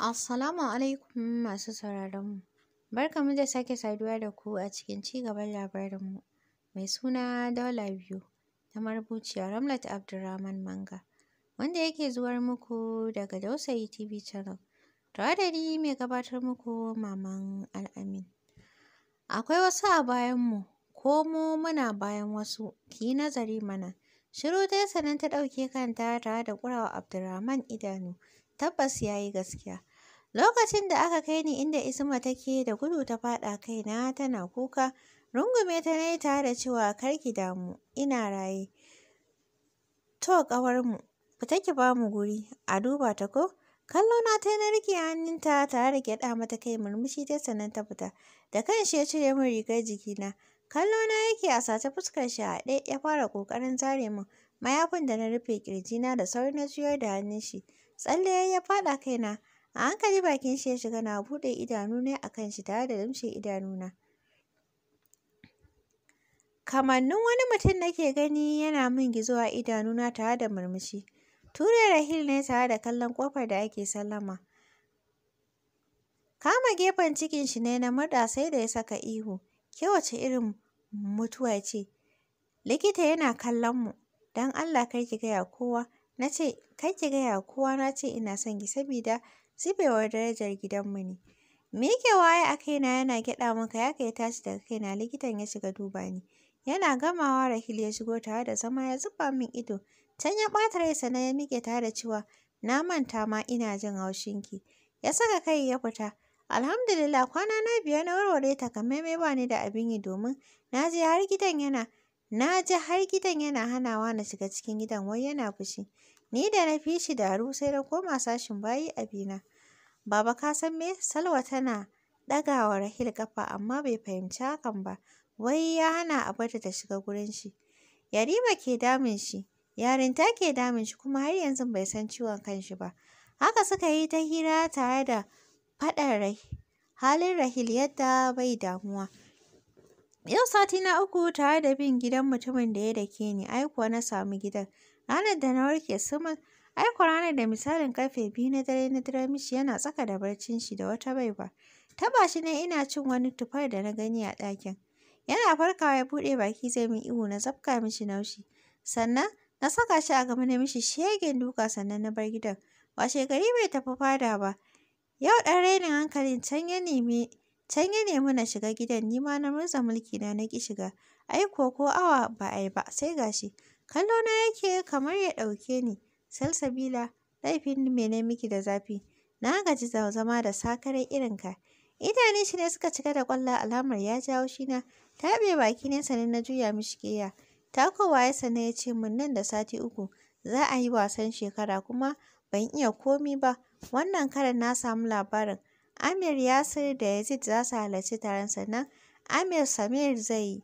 Assalamu alaikum masu sauraron mu. mu da sake saduwa da ku a cikin ci gaban labarin mu mai suna dola Biyu ta marubuciya Ramlat Abdulrahman Manga wanda yake zuwar muku daga Dausayi TV Channel. Tare mai gabatar muku Maman Al'amin. Akwai wasu a bayan mu ko mu muna bayan wasu ki nazari mana. Shiru dai sanan ta ɗauke kanta tare da ƙurawa Abdulrahman idanu. Tabbas ya yi gaskiya. Lokacin da aka kai ni inda Isma take da gudu ta faɗa kaina tana kuka, rungume ta na yi tare da cewa kar ki damu, ina raye. To ƙawarmu, fita ki bamu guri, a duba ta ko? Kallo na ta na rike hannunta tare da gyaɗa mata kai murmushi ta sannan ta fita. Da kan shi ya cire min rigar jikina. Kallo na yake a sace fuskar shi a ɗaya ya fara ƙoƙarin zare min mayafin da na rufe na da sauri na juyar da hannun shi. Tsalle ya faɗa kaina. A hankali bakin shi ya shiga na buɗe idanu ne a kan shi tare da limshe idanuna. Kamannin wani mutum nake gani yana min gizo a idanuna tare da murmushi. Ture Rahil ne tare da kallon ƙofar da ake sallama. Kama gefen cikin shi ne na murɗa sai da ya saka ihu. Ke wace irin mutuwa ce? Likita yana kallon mu. dan Allah kar ki gaya kowa. Na ce, kar ki gaya wa kowa na ce ina son ki sabida zubewar darajar gidanmu ne. yake waye a kaina yana gyaɗa ya kai tashi daga kaina likitan ya shiga duba ni. Yana gamawa Rahil ya shigo tare da zama ya zuba min ido. Can ya ɓata rai sannan ya miƙe tare da cewa na manta ma ina jin haushin ki?" Ya saka kai ya fita. Alhamdulillah kwana na biya na warware takamaimai ba ni da abin yi domin na je har gidan yana na ji har gidan yana hanawa na shiga cikin gidan wai yana fushi. Ni da na fi shi daru sai na koma sashin bayi abina. Baba ka san me Salwa tana ɗagawa Rahil ƙafa amma bai fahimci hakan ba. Wai ya hana a bata ta shiga gurin shi. Yarima ke damun shi, yarinta ke damun shi kuma har yanzu bai san ciwon shi ba. Haka suka yi ta hira tare da faɗar halin Rahil yadda bai damuwa. Yau sati na uku tare da bin gidan mutumin da ya dake ni, ai kuwa na samu gidan. Ranar da na warke sumul, aiko ranar da misalin karfe biyu na dare na dare mishi yana tsaka da barcin shi da wata baiwa. Taba shi ne ina cin wani tufar da na gani a ɗakin. Yana farkawa ya buɗe baki zai min ihu na zafka mishi naushi. Sannan na saka shi a gaba na mishi shegen duka sannan na bar gidan. Washe gari bai tafi fada ba. Yau ɗan rainin hankalin can ya nemi can ya nemi na shiga gidan nima na murza mulki na na ki shiga. Ai ko ko awa ba a ba sai gashi. Kallona yake kamar ya ɗauke ni. Salsabila, laifin me na miki da zafi? Na gaji da zama da sakarai irin ka. Idanun shi ne suka cika da ƙwalla alamar ya jawo ji Ta Taɓe baki ne sannan na juya mishi ƙeya. Takowa ya sannan ya ce min nan da sati uku za a yi wasan shekara kuma ban iya komi ba. Wannan karan na samu labarin. Amir Yasir da Yazid za su halarci taron sannan Amir Samir zai yi.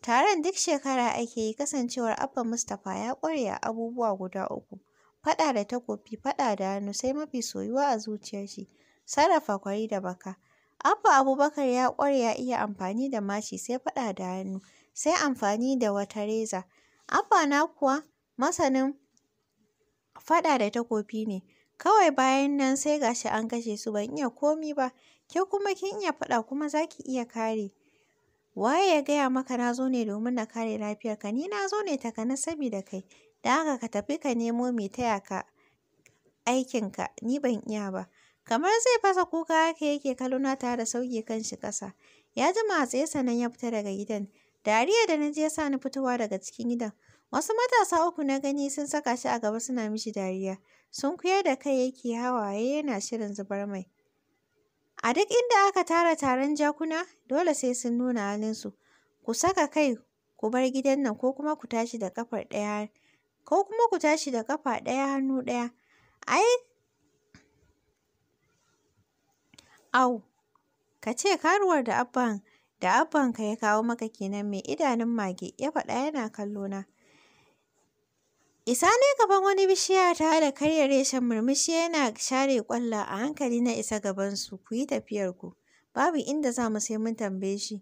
Taron duk shekara ake yi kasancewar Abba Mustapha ya ƙware a abubuwa guda uku: faɗa da takobi, faɗa da hannu, sai mafi soyuwa a zuciyar shi, sarrafa kwari da baka. Abba Abubakar ya ƙware ya iya amfani da mashi sai faɗa da hannu, sai amfani da wata reza. Abba na kuwa masanin faɗa da takobi ne. Kawai bayan nan sai ga shi an kashe su ban iya komi ba, ke kuma kin iya faɗa kuma za ki iya kare Waye ya gaya maka na zo ne domin na kare lafiyarka? Ni na zo ne takana sabida kai. Da haka ka tafi ka nemo mai taya ka aikinka, ni ban iya ba. Kamar zai fasa kuka haka yake na tare da sauke shi ƙasa. Ya jima a tsaye sannan ya fita daga gidan. Dariya da na ji ya sa ni fitowa daga cikin gidan. Wasu matasa uku na gani sun saka shi a gaba suna mishi dariya. Sun kuyar da kai yake hawaye yana shirin zubar mai. A duk inda aka tara taron jakuna, dole sai sun nuna halinsu, ku saka kai ku bar gidan nan ko kuma ku tashi da ƙafa ɗaya hannu ɗaya. Ai, au, ka ce karuwar da abban ka ya kawo maka kenan mai idanun mage, ya faɗa yana kallo na. Isa ne gaban wani bishiya tare da karya reshen murmushi yana share kwalla a hankali na isa gabansu ku yi tafiyarku. Babu inda za mu sai mun tambaye shi.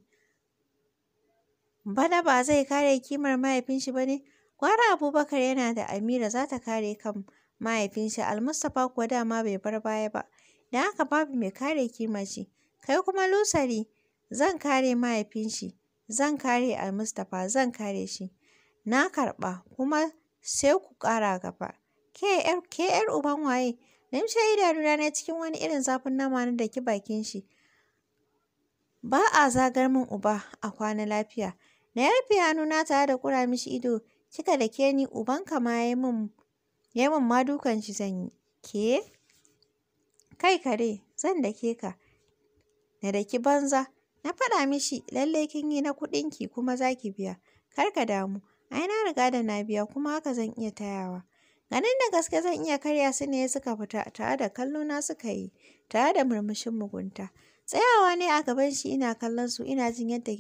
Bana ba zai kare kimar mahaifinshi ba ne? Gwara Abubakar yana da Amira za ta kare kan mahaifinshi Almustapha kuwa dama bai bar baya ba. Da haka babu mai kare kimar shi. Kai kuma Lusari zan kare mahaifinshi, zan kare Almustapha, zan kare shi. Na karɓa kuma sai ku ƙara gaba. Ke ‘yar uban waye? Limshe idanuna ne cikin wani irin zafin nama na daki bakin shi. Ba a zagar min uba a kwana lafiya. Na yarfe hannuna tare da kura mishi ido, kika da ke ni ubanka ma ya yi min ma dukan shi zan yi. Ke? Kai kare, zan da ke ka. Na da ki banza. Na faɗa mishi lallai kin yi na ki kuma za ki biya. Kar ka damu. Ai na riga da na biya kuma haka zan iya tayawa. Ganin da gaske zan iya karya su ne suka fita tare da kallo na suka yi tare da murmushin mugunta. Tsayawa ne a gaban shi ina kallon su ina jin yadda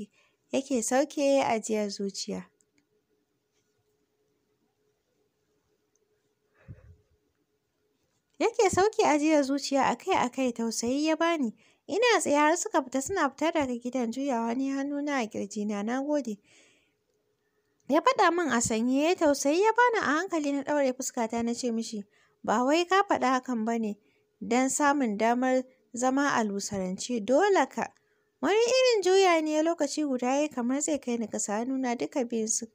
yake sauke ajiyar zuciya. Yake sauke ajiyar zuciya akai-akai tausayi ya bani. Ina tsaye har suka fita suna fita daga gidan juyawa ne hannuna a kirjina na gode. Ya faɗa min a sanye ya tausayi ya bani a hankali na ɗaure fuskata na ce mishi, ba wai ka faɗa hakan ba ne don samun damar zama a lusarance dole ka. Wani irin juya ne lokaci guda ya kamar zai kai ni kasa nuna duka biyun su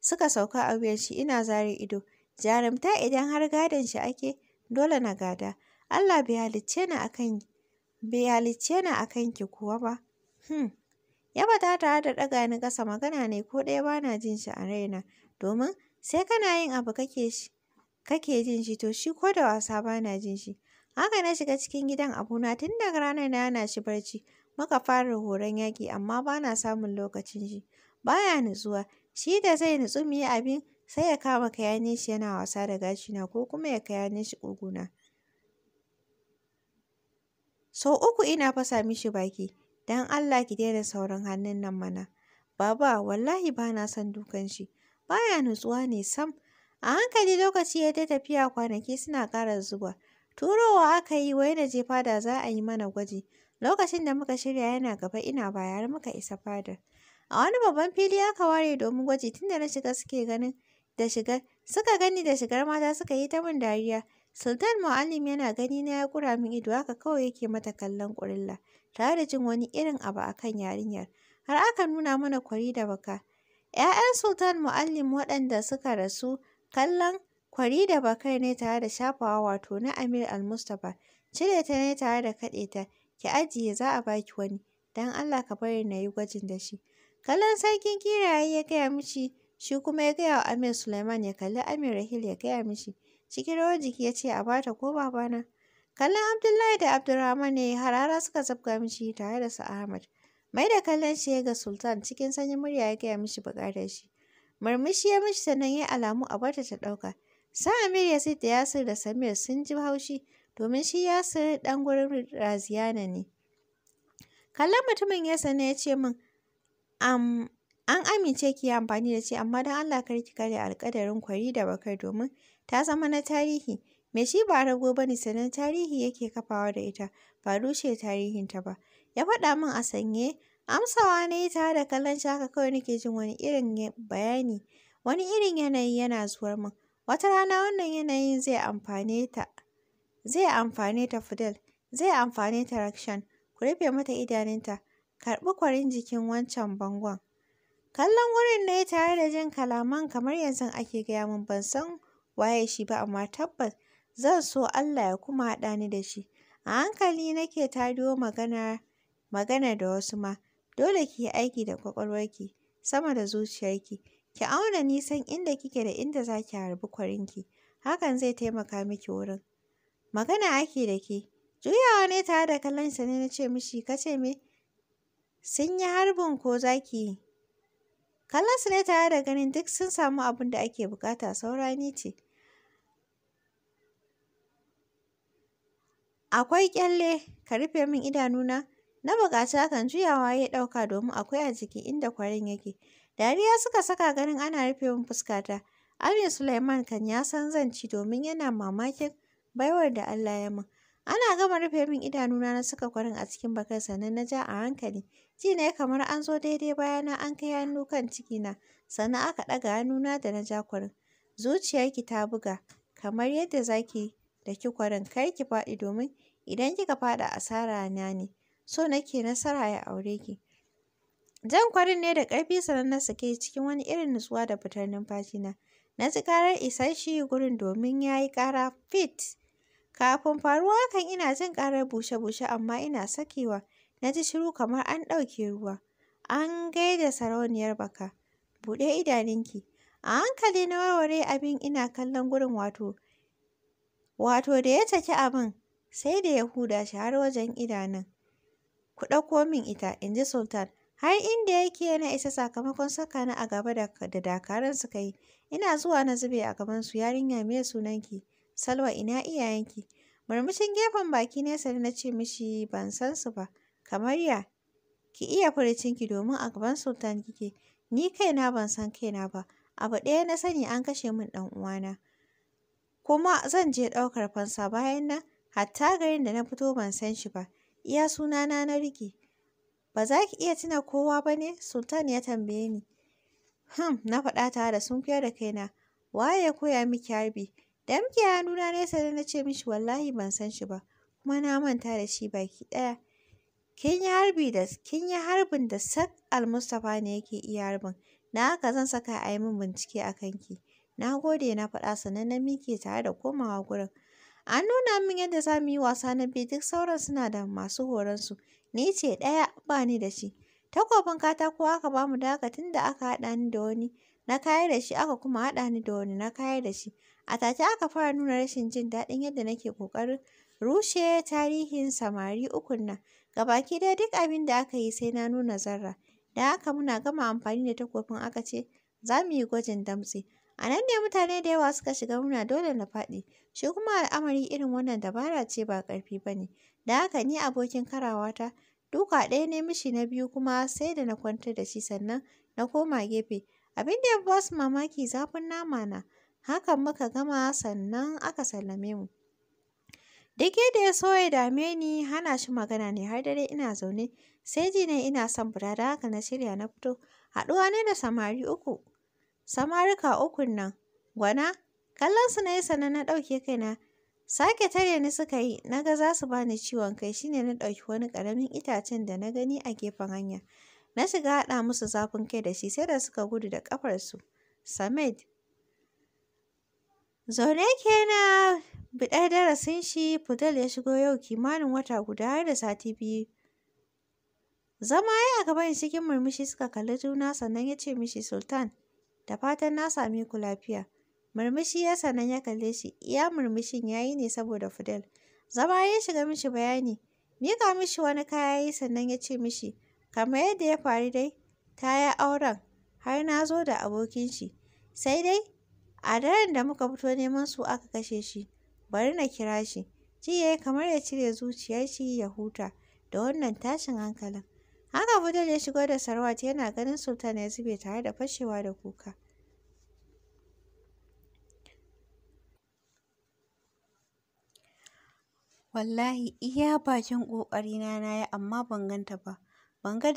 suka sauka a wuyan shi ina zare ido. Jarumta idan har gadon shi ake dole na gada. Allah bai halicce ni akan ki kuwa ba. Hmm. Ya ta tare da ɗaga ni ƙasa magana ne ko ɗaya ba na jin shi a raina domin sai kana yin abu kake shi kake jin shi to shi ko da wasa ba na jin shi. Haka na shiga cikin gidan abuna tun daga ranar na hana shi barci muka fara horon yaƙi amma ba na samun lokacin shi. Baya nutsuwa shi da zai nutsu mu yi abin sai ya kama kayanin shi yana wasa da gashina ko kuma ya kayanin shi ƙuguna. Sau uku ina fasa mishi baki Dan Allah ki daina saurin hannun nan mana. Baba wallahi ba na son dukan shi. Baya nutsuwa ne sam. A hankali lokaci ya ta tafiya kwanaki suna ƙara zuba. Turowa aka yi wai na je fada za a yi mana gwaji. Lokacin da muka shirya yana gaba ina bayar har muka isa fadar. A wani babban fili aka ware domin gwaji tunda na shiga suke ganin da shiga suka gani da shigar mata suka yi ta min dariya. Sultan Mu'allim yana gani na ya kura min ido haka kawai yake mata kallon ƙurilla. tare da jin wani irin abu a kan yarinyar. Har aka nuna mana kwari da baka. ‘Ya'yan Sultan Muallim waɗanda suka rasu kallon kwari da bakar ne tare da shafawa wato na Amir Al-Mustapha. Cire ta ne tare da kaɗe ta, ki ajiye za a baki wani, don Allah ka bari na yi gwajin da shi. Kallon sarkin kiraye ya gaya mishi, shi kuma ya gaya wa Amir Suleiman ya kalli Amir Rahil ya gaya mishi. Cikin rawar jiki ya ce a bata ko babana. Kallon Abdullahi da Abdurrahman ne harara suka zabga mishi tare da su Ahmad. Mai da kallon shi ga Sultan cikin sanyin murya ya gaya mishi buƙatar shi. Murmushi ya mishi sannan ya alamu a barta ta ɗauka. Sa Amir ya da Yasir da Samir sun ji haushi domin shi Yasir ɗan gurin Raziyana ne. Kallon mutumin ya sani ya ce min, an amince ki yi amfani da shi, amma don Allah kar ki karya alƙadarin kwari da bakar domin ta zama na tarihi. Mai shi ba rago ba ne sannan tarihi yake kafawa da ita, ba rushe tarihinta ba. Ya faɗa min a sanye, amsawa ne yi tare da kallon shaka kawai nake jin wani irin bayani, wani irin yanayi yana zuwar min. Wata rana wannan yanayin zai amfane ta, zai amfane ta Fidel, zai amfane ta Rakshan. Ku rufe mata idanunta, karɓi kwarin jikin wancan bangon. Kallon wurin na yi tare da jin kalaman kamar yanzu ake gaya min ban san waye shi ba amma tabbas zan so Allah ya kuma haɗa ni da shi. A hankali nake tadiyo magana da wasu ma, dole ki yi aiki da ƙwaƙwalwarki sama da zuciyarki, ki auna nisan inda kike da inda za ki harbi ki. hakan zai taimaka miki wurin. Magana ake da ke, juyawa ne tare da kallonsa ne na ce mishi ka ce me? Sun yi harbin ko za ki yi? Kallonsa ne tare da ganin duk sun samu abin da ake buƙata saurani ce. Akwai kyalle, ka rufe min idanuna. Na bukaci hakan juyawa ya ɗauka domin akwai a jiki inda kwarin yake. Dariya suka saka ganin ana rufe min fuskata. Amir Sulaiman kan ya san zan ci domin yana mamakin baiwar da Allah ya min. Ana gama rufe min idanuna na saka kwarin a cikin bakar sannan na ja a hankali. Ji na kamar an zo daidai bayana an kai hannu kan cikina sannan aka ɗaga hannuna da na ja kwarin. Zuciyarki ta buga kamar yadda zaki da ki kwarin, kar ki faɗi domin idan kika faɗi asara na ne. So nake nasara ya aure ki. Jan kwarin ne da ƙarfi sannan na sake cikin wani irin nutsuwa da fitar numfashi na. Na ji karar isar gurin domin ya yi ƙara fit. Kafin faruwa hakan ina jin ƙarar bushe-bushe amma ina sakewa. Na ji shiru kamar an ɗauke ruwa. An gaida sarauniyar baka. Buɗe idanunki. A hankali na warware abin ina kallon gurin wato Wato da ya caki abin, sai da ya huda shi har wajen idanun. Ku ɗauko min ita, in ji Sultan. Har inda yake yana isa sakamakon saka ni a gaba da dakaran suka yi. Ina zuwa na zube a gaban gabansu yarinya me ki Salwa ina iyayenki? Murmushin gefen baki ne nesa na ce mishi ban san su ba. Kamar ya? Ki iya furicinki domin a gaban Sultan kike. Ni kaina ban san kaina ba. Abu ɗaya na sani an kashe min ɗan uwana. kuma zan je ɗaukar fansa bayan nan hatta garin da na fito ban san shi ba iya sunana na rike ba za ki iya tuna kowa ba ne sultan ya tambaye ni hmm na faɗa tare da sun sunkuyar da kaina waye ya koya miki harbi da muke hannuna nesa da na ce mishi wallahi ban san shi ba kuma na manta da shi baki ɗaya kin yi harbi da kin yi harbin da sak almustapha ne yake iya harbin na haka zan saka a yi min bincike a kanki Na gode na faɗa sannan na miƙe tare da komawa gurin. An nuna min yadda za mu yi wasa na biyu duk sauran suna da masu horonsu. Ni ce ɗaya ba ni da shi. Takobin katako aka ba mu daga tun da aka haɗa ni da wani na kayar da shi aka kuma haɗa ni da wani na kayar da shi. A take aka fara nuna rashin jin daɗin yadda nake ƙoƙarin rushe tarihin samari ukun nan. baki ɗaya duk abin da aka yi sai na nuna zarra. Da haka muna gama amfani da takobin aka ce za mu yi gwajin damtse. A nan ne mutane da yawa suka shiga murna dole na faɗi. Shi kuma al'amari irin wannan dabara ce ba ƙarfi ba ne. Da haka ni abokin karawata duka ɗaya ne mishi na biyu kuma sai da na kwantar da shi sannan na koma gefe. Abin da ya ba su mamaki zafin nama na. Hakan muka gama sannan aka sallame mu. Duk yadda ya so ya dame ni hana shi magana ne har dare ina zaune. Sai ji ne ina son fita da haka na shirya na fito. Haɗuwa ne da samari uku samarika ukun nan, gwana, kallonsu na yi sannan na ɗauke kaina. Sake tare ni suka yi, na ga za su bani ciwon kai shine na ɗauki wani ƙaramin itacen da na gani a gefen hanya. Na shiga haɗa musu zafin kai da shi sai da suka gudu da ƙafarsu. Samed. Zaune kenan biɗar darasin shi Fudel ya shigo yau kimanin wata guda har da sati biyu. Zama ya a gaban cikin murmushi suka kalli juna sannan ya ce mishi Sultan. Da fatan na sami ku lafiya. Murmushi ya sanan ya kalle shi, iya murmushin ya yi ne saboda Fidel. Zama ya shiga mishi bayani, miƙa mishi wani kaya yi sannan ya ce mishi, kamar yadda ya faru dai, ta yi auren, har na zo da abokin shi. Sai dai, a daren da muka fito neman su aka kashe shi, bari na kira shi. Ji ya kamar ya cire zuciyar shi ya huta da wannan tashin hankalin. Haka Fudel ya shigo da Sarwat yana ganin Sultan ya zube tare da fashewa da kuka. Wallahi iya bakin ƙoƙarina na yi amma ban ganta ba, ban ga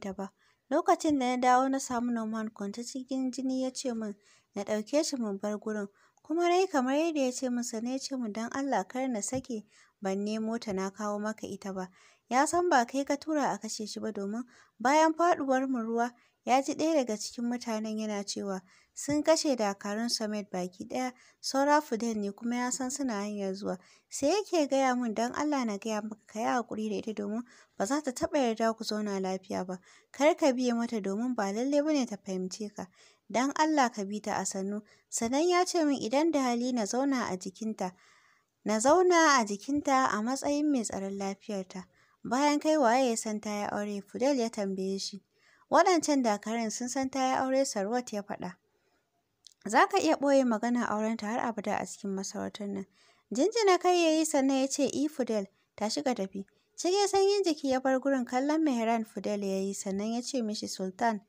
ta ba. Lokacin da na dawo na samu Norman kwanta cikin jini ya ce min na ɗauke shi mun bar gurin. Kuma na kamar yadda ya ce min sannan ya ce min don Allah kar na sake ban nemo ta na kawo maka ita ba. ya san ba kai ka tura a kashe shi ba domin bayan faduwar mu ruwa ya ji ɗaya daga cikin mutanen yana cewa sun kashe dakarun samet baki ɗaya saura fuden ne kuma ya san suna hanyar zuwa sai yake gaya min don Allah na gaya maka ka yi hakuri da ita domin ba za ta taɓa yarda ku zauna lafiya ba kar ka biye mata domin ba lallai bane ta fahimce ka don Allah ka bi ta a sannu sannan ya ce min idan da hali na zauna a jikinta na zauna a jikinta a matsayin mai tsaron lafiyarta Bayan kai waye ya san ta yi aure, Fidel ya tambaye shi. Waɗancan dakarun sun san ta yi aure Sarwat ya faɗa. Za ka iya ɓoye maganar aurenta har abada a cikin masarautar nan. Jinjina kai ya yi sannan ya ce, I fidel Ta shiga tafi. Cikin sanyin jiki ya bar gurin kallon Mehran Fidel ya yi sannan ya ce mishi Sultan.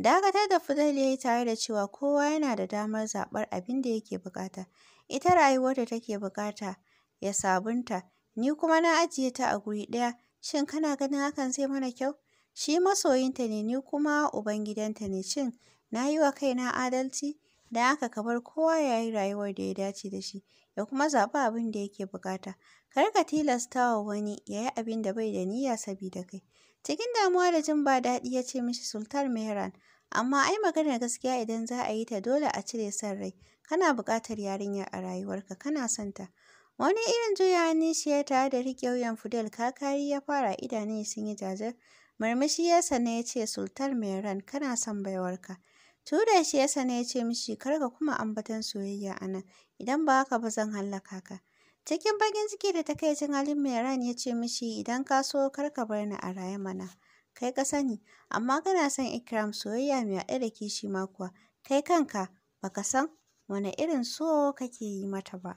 Dakatar da Fidel ya yi tare da cewa kowa yana da damar zaɓar abin da yake bukata. Ita rayuwar da take bukata ya sabunta, ni kuma na ajiye ta a guri ɗaya Shin kana ganin hakan zai mana kyau? Shi masoyinta ne ni kuma ubangidanta ne shin na yi wa kaina adalci? da aka kabar kowa ya yi rayuwar da ya dace da shi ya kuma zaɓi abin da yake buƙata. Kar ka tilasta wa wani ya yi abin da bai da niyya sabida kai. Cikin damuwa da jin ba daɗi ya ce mishi Sultan Mehran, amma ai maganar gaskiya idan za a yi ta dole a cire son rai. Kana buƙatar yarinya a rayuwarka, kana son ta. Wani irin juya hannun shi ya tare da riƙe wuyan Fidel kakari ya fara idanun sun yi jajir. Murmushi ya sana ya ce Sultan mai kana son baiwarka. Tura shi ya sana ya ce mishi kar ka kuma ambatan soyayya a nan idan ba haka ba zan hallaka ka. Cikin bakin ciki da takaicin halin mai ran ya ce mishi idan ka so kar ka bar ni a raye mana. Kai ka sani amma kana son Ikram soyayya mai haɗe da kishi ma kuwa kai kanka baka san wane irin so kake yi mata ba.